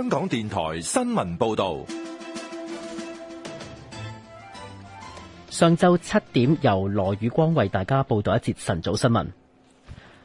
香港電台新聞報道，上晝七點由羅宇光為大家報道一節晨早新聞。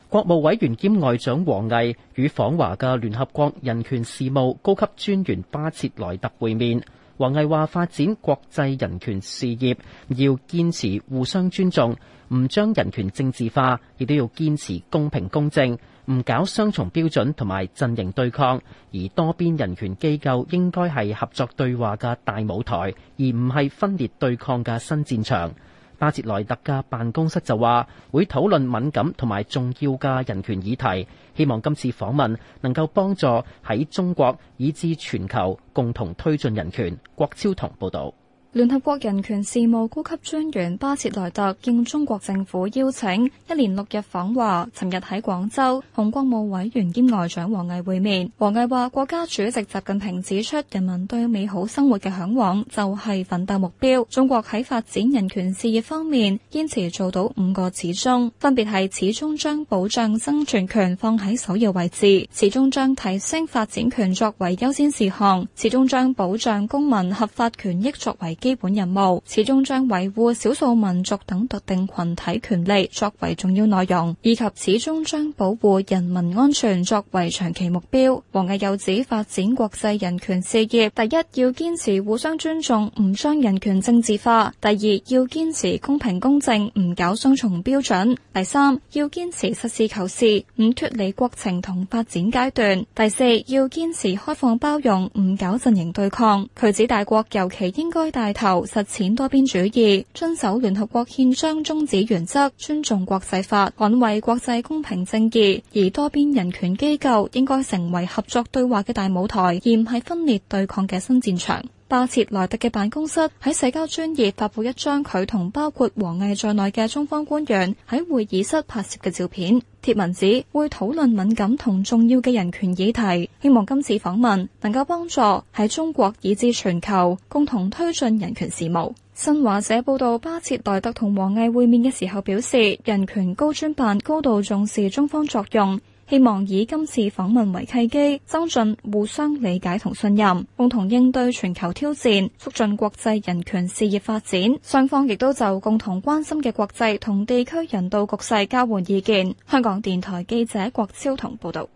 國務委員兼外長王毅與訪華嘅聯合國人權事務高級專員巴切萊特會面。王毅話：發展國際人權事業，要堅持互相尊重，唔將人權政治化，亦都要堅持公平公正。唔搞雙重標準同埋陣營對抗，而多邊人權機構應該係合作對話嘅大舞台，而唔係分裂對抗嘅新戰場。巴切萊特嘅辦公室就話會討論敏感同埋重要嘅人權議題，希望今次訪問能夠幫助喺中國以至全球共同推進人權。郭超同報導。聯合國人權事務高級專員巴切萊特應中國政府邀請，一連六日訪華。尋日喺廣州，同國務委員兼外長王毅會面。王毅話：國家主席習近平指出，人民對美好生活嘅嚮往就係、是、奮鬥目標。中國喺發展人權事業方面堅持做到五個始終，分別係始終將保障生存權放喺首要位置，始終將提升發展權作為優先事項，始終將保障公民合法權益作為基本任務，始終將維護少數民族等特定群體權利作為重要內容，以及始終將保護人民安全作為長期目標。王毅又指，發展國際人權事業，第一要堅持互相尊重，唔將人權政治化；第二要堅持公平公正，唔搞雙重標準；第三要堅持實事求是，唔脫離國情同發展階段；第四要堅持開放包容，唔搞陣營對抗。佢指大國尤其應該大求實踐多邊主義，遵守聯合國憲章宗旨原則，尊重國際法，捍衛國際公平正義，而多邊人權機構應該成為合作對話嘅大舞台，而唔係分裂對抗嘅新戰場。巴切萊特嘅辦公室喺社交專業發布一張佢同包括王毅在內嘅中方官員喺會議室拍攝嘅照片，貼文指會討論敏感同重要嘅人權議題，希望今次訪問能夠幫助喺中國以至全球共同推進人權事務。新華社報道，巴切萊特同王毅會面嘅時候表示，人權高專辦高度重視中方作用。希望以今次訪問為契機，增進互相理解同信任，共同應對全球挑戰，促進國際人權事業發展。雙方亦都就共同關心嘅國際同地區人道局勢交換意見。香港電台記者郭超同報道。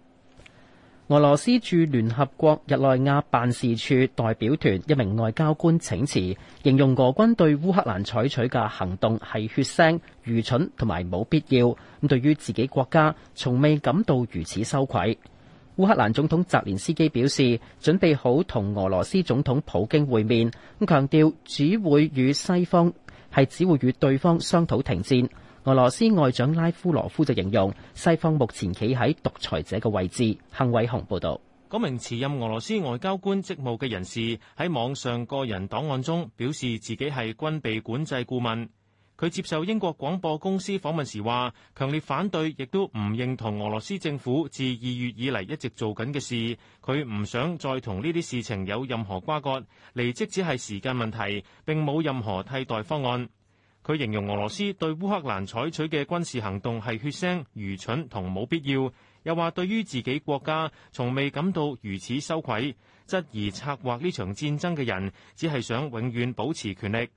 俄羅斯駐聯合國日內瓦辦事處代表團一名外交官請辭，形容俄軍對烏克蘭採取嘅行動係血腥、愚蠢同埋冇必要。咁對於自己國家，從未感到如此羞愧。烏克蘭總統澤連斯基表示，準備好同俄羅斯總統普京會面，咁強調只會與西方，係只會與對方商討停戰。俄羅斯外長拉夫羅夫就形容西方目前企喺獨裁者嘅位置。幸偉雄報道，嗰名辭任俄羅斯外交官職務嘅人士喺網上個人檔案中表示自己係軍備管制顧問。佢接受英國廣播公司訪問時話，強烈反對，亦都唔認同俄羅斯政府自二月以嚟一直做緊嘅事。佢唔想再同呢啲事情有任何瓜葛，離職只係時間問題，並冇任何替代方案。佢形容俄羅斯對烏克蘭採取嘅軍事行動係血腥、愚蠢同冇必要，又話對於自己國家從未感到如此羞愧，質疑策劃呢場戰爭嘅人只係想永遠保持權力。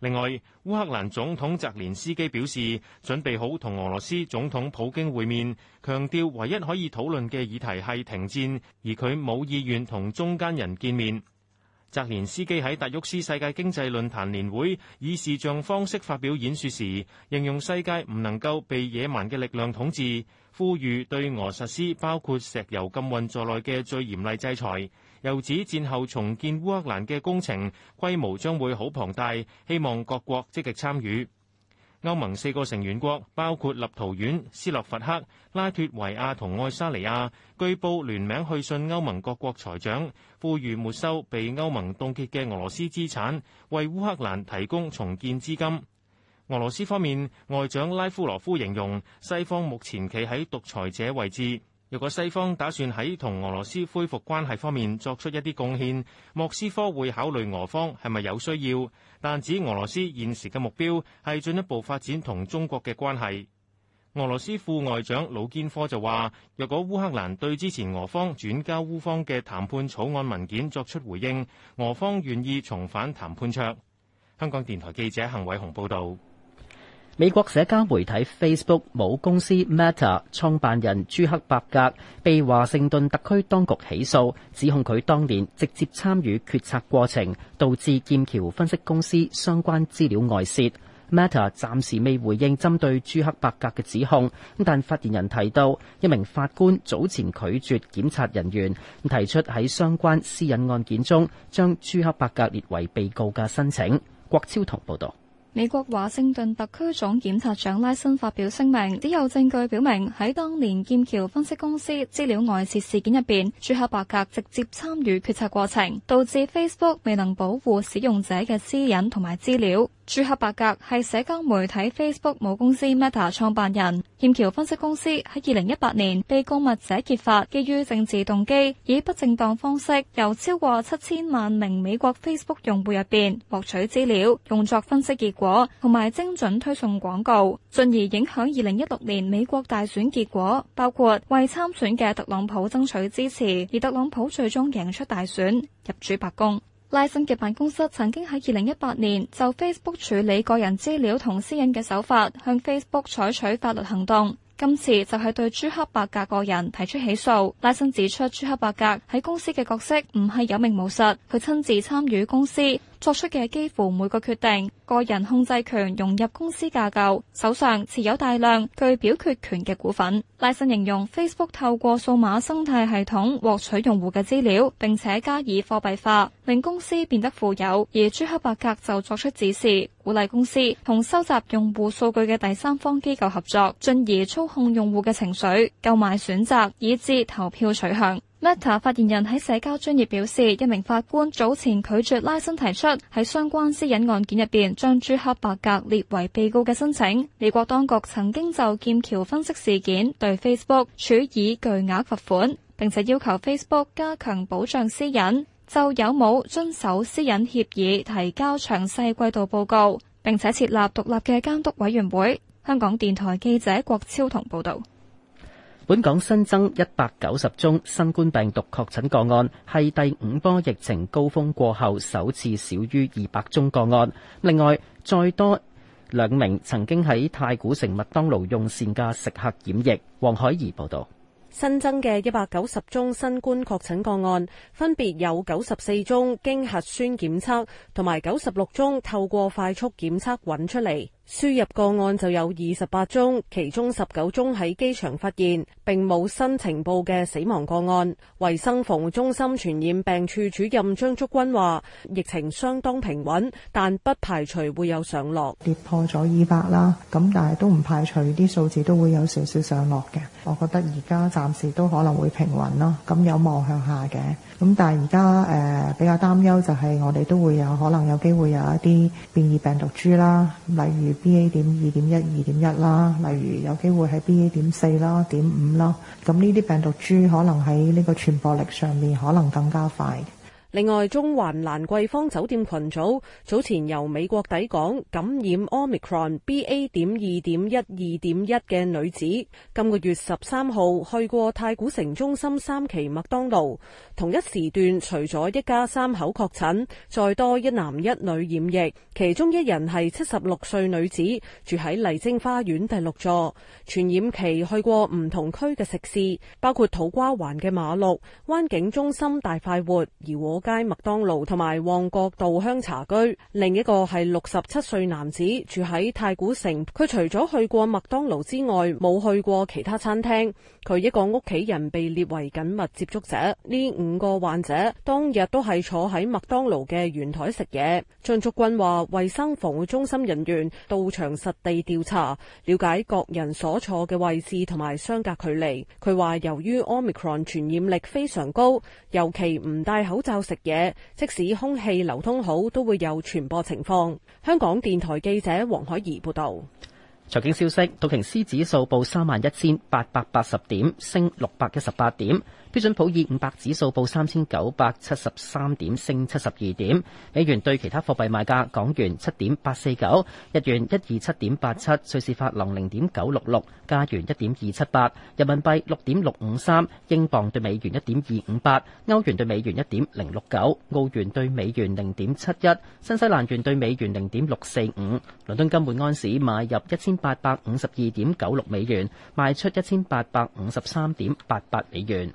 另外，烏克蘭總統澤連斯基表示準備好同俄羅斯總統普京會面，強調唯一可以討論嘅議題係停戰，而佢冇意願同中間人見面。澤連斯基喺達沃斯世界經濟論壇年會以視像方式發表演說時，形容世界唔能夠被野蠻嘅力量統治，呼籲對俄實施包括石油禁運在內嘅最嚴厲制裁。又指戰後重建烏克蘭嘅工程規模將會好龐大，希望各國積極參與。歐盟四個成員國包括立陶宛、斯洛伐克、拉脱維亞同愛沙尼亞，據報聯名去信歐盟各國財長，呼籲沒收被歐盟凍結嘅俄羅斯資產，為烏克蘭提供重建資金。俄羅斯方面外長拉夫羅夫形容西方目前企喺獨裁者位置。若果西方打算喺同俄羅斯恢復關係方面作出一啲貢獻，莫斯科會考慮俄方係咪有需要，但指俄羅斯現時嘅目標係進一步發展同中國嘅關係。俄羅斯副外長魯堅科就話，若果烏克蘭對之前俄方轉交烏方嘅談判草案文件作出回應，俄方願意重返談判桌。香港電台記者幸偉雄報道。美國社交媒體 Facebook 母公司 Meta 創辦人朱克伯格被華盛頓特區當局起訴，指控佢當年直接參與決策過程，導致劍橋分析公司相關資料外泄。Meta 暫時未回應針對朱克伯格嘅指控，但發言人提到，一名法官早前拒絕檢察人員提出喺相關私隱案件中將朱克伯格列為被告嘅申請。郭超同報道。美國華盛頓特區總檢察長拉辛發表聲明，只有證據表明喺當年劍橋分析公司資料外泄事件入邊，朱克伯格直接參與決策過程，導致 Facebook 未能保護使用者嘅私隱同埋資料。朱克伯格係社交媒體 Facebook 母公司 Meta 創辦人。劍橋分析公司喺二零一八年被告密者揭發，基於政治動機，以不正當方式由超過七千萬名美國 Facebook 用戶入邊獲取資料，用作分析結果同埋精準推送廣告，進而影響二零一六年美國大選結果，包括為參選嘅特朗普爭取支持，而特朗普最終贏出大選，入主白宮。拉森嘅辦公室曾經喺二零一八年就 Facebook 處理個人資料同私隱嘅手法，向 Facebook 採取法律行動。今次就係對朱克伯格個人提出起訴。拉森指出，朱克伯格喺公司嘅角色唔係有名無實，佢親自參與公司作出嘅幾乎每個決定，個人控制權融入公司架構，手上持有大量具表決權嘅股份。拉信形容 Facebook 透過數碼生態系統獲取用戶嘅資料，並且加以貨幣化，令公司變得富有。而朱克伯格就作出指示，鼓勵公司同收集用戶數據嘅第三方機構合作，進而操控用戶嘅情緒、購買選擇、以致投票取向。Meta 發言人喺社交專頁表示，一名法官早前拒絕拉伸提出喺相關私隱案件入邊將朱克伯格列為被告嘅申請。美國當局曾經就劍橋分析事件對 Facebook 處以巨額罰款，並且要求 Facebook 加強保障私隱，就有冇遵守私隱協議，提交詳細季度報告，並且設立獨立嘅監督委員會。香港電台記者郭超同報導。本港新增一百九十宗新冠病毒確診個案，係第五波疫情高峰過後首次少於二百宗個案。另外，再多兩名曾經喺太古城麥當勞用膳嘅食客染疫。黃海怡報道，新增嘅一百九十宗新冠確診個案，分別有九十四宗經核酸檢測，同埋九十六宗透過快速檢測揾出嚟。輸入個案就有二十八宗，其中十九宗喺機場發現，並冇新情報嘅死亡個案。衛生防護中心傳染病處主任張竹君話，疫情相當平穩，但不排除會有上落，跌破咗二百啦。咁但係都唔排除啲數字都會有少少上落嘅。我覺得而家暫時都可能會平穩咯。咁有望向下嘅，咁但係而家誒比較擔憂就係我哋都會有可能有機會有一啲變異病毒株啦，例如。B A 點二點一、二點一啦，例如有機會喺 B A 點四啦、點五啦，咁呢啲病毒株可能喺呢個傳播力上面可能更加快。另外，中環蘭桂坊酒店群組早前由美國抵港感染 Omicron BA. 點二點一二點一嘅女子，今個月十三號去過太古城中心三期麥當勞。同一時段，除咗一家三口確診，再多一男一女染疫，其中一人係七十六歲女子，住喺麗晶花園第六座，傳染期去過唔同區嘅食肆，包括土瓜灣嘅馬六、灣景中心大快活、而我。街麥當勞同埋旺角稻香茶居。另一個係六十七歲男子住喺太古城，佢除咗去過麥當勞之外，冇去過其他餐廳。佢一個屋企人被列為緊密接觸者。呢五個患者當日都係坐喺麥當勞嘅圓台食嘢。張竹君話，衛生防護中心人員到場實地調查，了解各人所坐嘅位置同埋相隔距離。佢話由於 Omicron 傳染力非常高，尤其唔戴口罩食。嘢，即使空氣流通好，都會有傳播情況。香港電台記者黃海怡報道。財經消息，道瓊斯指數報三萬一千八百八十點，升六百一十八點。標準普爾五百指數報三千九百七十三點，升七十二點。美元兌其他貨幣賣價：港元七點八四九，日元一二七點八七，瑞士法郎零點九六六，加元一點二七八，人民幣六點六五三，英鎊兌美元一點二五八，歐元兌美元一點零六九，澳元兌美元零點七一，新西蘭元兌美元零點六四五。倫敦金每安士買入一千八百五十二點九六美元，賣出一千八百五十三點八八美元。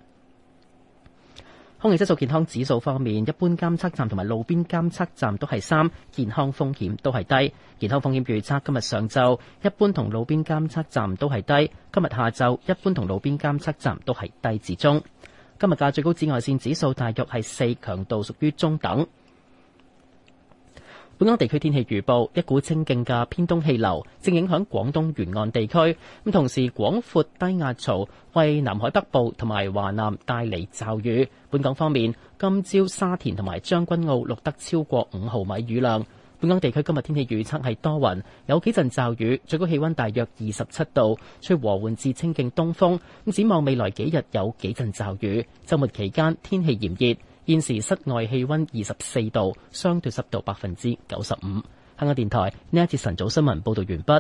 空氣質素健康指數方面，一般監測站同埋路邊監測站都係三，健康風險都係低。健康風險預測今日上晝一般同路邊監測站都係低，今日下晝一般同路邊監測站都係低至中。今日嘅最高紫外線指數大約係四，強度屬於中等。本港地區天氣預報：一股清勁嘅偏東氣流正影響廣東沿岸地區，咁同時廣闊低壓槽為南海北部同埋華南帶嚟驟雨。本港方面，今朝沙田同埋將軍澳錄得超過五毫米雨量。本港地區今日天，天氣預測係多雲，有幾陣驟雨，最高氣温大約二十七度，吹和緩至清勁東風。咁展望未來幾日有幾陣驟雨，週末期間天氣炎熱。現時室外氣温二十四度，相對濕度百分之九十五。香港電台呢一節晨早新聞報道完畢。